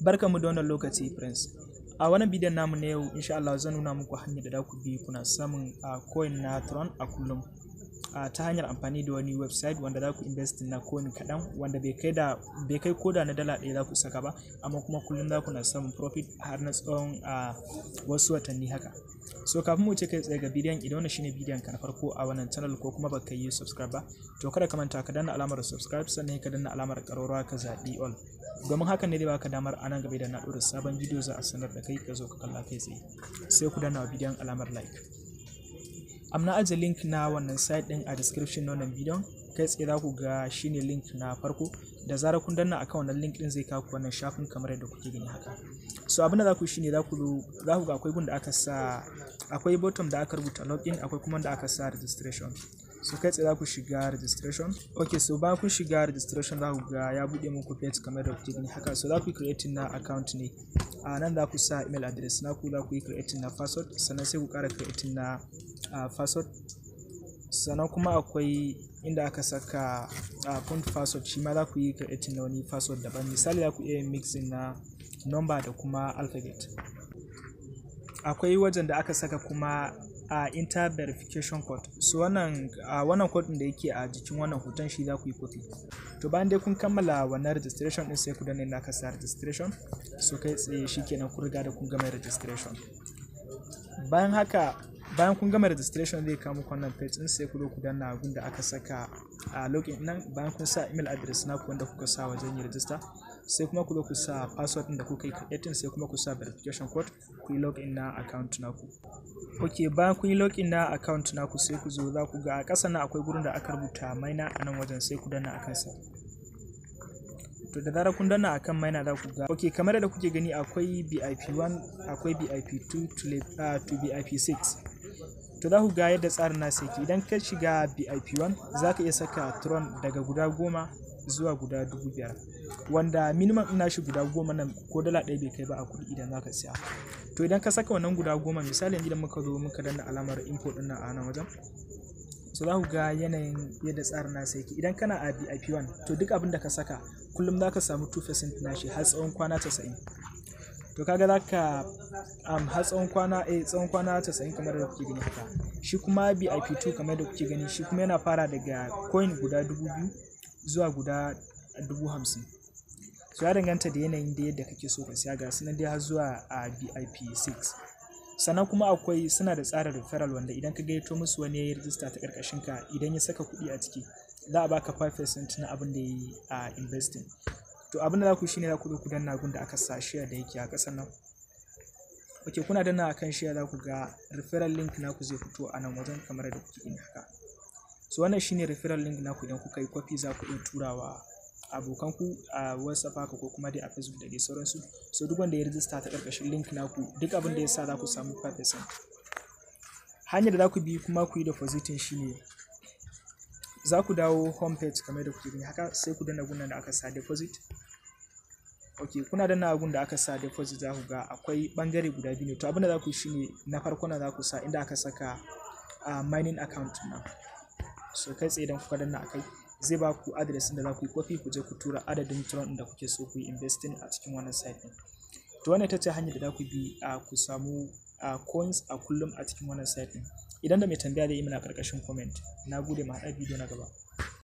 Barkanmu da wannan lokaci prince A wannan bidiyon namu na yau insha Allah zan nuna muku hanyar da za ku bi kuna samun a ah, coin na Tron a kullum. Ah, ta hanyar amfani da wani website wanda za ku invest na coin kadan wanda bai kai da bai kai koda na dala ɗaya za ku saka ba amma kuma kullum za ku na samun profit har na tsawon ah, wasu watanni haka so kafin mu ce kai tsaye ga bidiyon idan wannan shine bidiyon ka na farko a wannan channel ko kuma baka yi subscribe ba to kada ka manta ka danna alamar subscribe sannan ka danna alamar ƙararrawa ka zaɓi all domin hakan ne zai baka damar anan nan gaba idan na ɗora sabon bidiyo za a sanar da kai ka zo ka kalla kai tsaye sai ku danna bidiyon alamar like amma aje link na wannan site din a description na wannan bidiyon kai tsaye za ku ga shine link na farko da zarar kun danna akan wannan link din zai kawo ku wannan shafin kamar yadda kuke gani haka so abin da za ku shi ne za ku za ku ga akwai gun da aka sa akwai bottom da aka rubuta login akwai kuma da aka sa registration so kai tsaye za ku shiga registration ok so ba ku shiga registration za ku ga ya buɗe muku page kamar da kuke gani haka so za ku yi creating na account ne a nan za ku sa email address na ku za ku yi creating na password sannan sai ku ƙara creating na password sannan kuma akwai inda aka saka a font password shi ma za ku yi creating na wani password daban misali za ku iya mixing na number da kuma alphabet akwai wajen da aka saka kuma a inter verification code so wannan wannan code da yake a jikin wannan hoton shi za ku yi copy to bayan dai kun kammala wannan registration din sai ku danne na kasa registration so kai tsaye shikenan ku riga da kun gama registration bayan haka bayan kun gama registration zai kama muku page din sai ku zo ku danna abin da aka saka a login nan bayan kun sa email address na ku wanda kuka sa wajen yin register sai kuma ku zo ku sa password din da kuka yi creating sai kuma ku sa verification code ku yi login na account na ku. ok bayan kun yi login na account na ku sai ku zo za ku ga a ƙasa na akwai gurin da aka rubuta maina a nan wajen sai ku danna akan sa to da zarar kun danna akan maina za ku ga ok kamar yadda kuke gani akwai bip1 akwai bip2 to ah, bip6 to za ku ga yadda tsarin nasu yake idan ka shiga bip1 za ka iya saka tron daga guda goma zuwa guda dubu biyar wanda minimum ina shi guda goma nan ko dala ɗaya bai kai ba a kuɗi idan za ka siya to idan ka saka wannan guda goma misali yanzu idan muka zo muka danna alamar import ɗin nan a nan wajen so za ku ga yanayin yadda tsarin nasa yake idan kana a bip1 to duk abin da ka saka kullum za ka samu 2% nashi har tsawon kwana 90 to kaga za ka um, har tsawon kwana a eh, tsawon kwana 90 kamar da kuke gani haka shi kuma bip2 kamar da kuke gani shi kuma yana fara daga coin guda 2000 zuwa guda 50,000 so ya danganta da yanayin da yadda kake so ka siya ga sunan dai har zuwa a ah, bip6 sannan kuma akwai suna da tsarin referral wanda idan ka gaito musu wani ya yi rijista ta karkashin ka idan ya saka kuɗi a ciki za a baka 5% na abin da ya yi a ah, investing to abin da za ku shi ne za ku zo ku danna gun da aka sa share da yake a ƙasan nan ok kuna danna a kan share za ku ga referral link na ku zai fito a nan wajen kamar da kuke gani haka so wannan shine referral link na ku idan kuka yi copy za ku iya turawa abokanku a whatsapp haka ko kuma dai a facebook da dai sauransu so duk wanda ya rijista ta karkashin link na ku duk abin da ya sa za ku samu 5% hanyar da za ku bi kuma ku yi depositing shine za ku dawo home page kamar da kuke gani haka sai ku danna gunan da aka sa deposit ok kuna danna gun da aka sa deposit za ku ga akwai bangare guda biyu ne to abin da za ku shi ne na farko na za ku sa inda aka saka uh, mining account na so kai tsaye idan kuka danna akai zai ba ku adres da za ku yi copy ku je ku tura adadin tron da kuke so ku yi investing a cikin wannan site to wannan ita ce hanyar da za ku bi a ku samu a coins a kullum a cikin wannan site idan da mai tambaya zai yi mana ƙarƙashin comment na gode ma haɗa bidiyo na gaba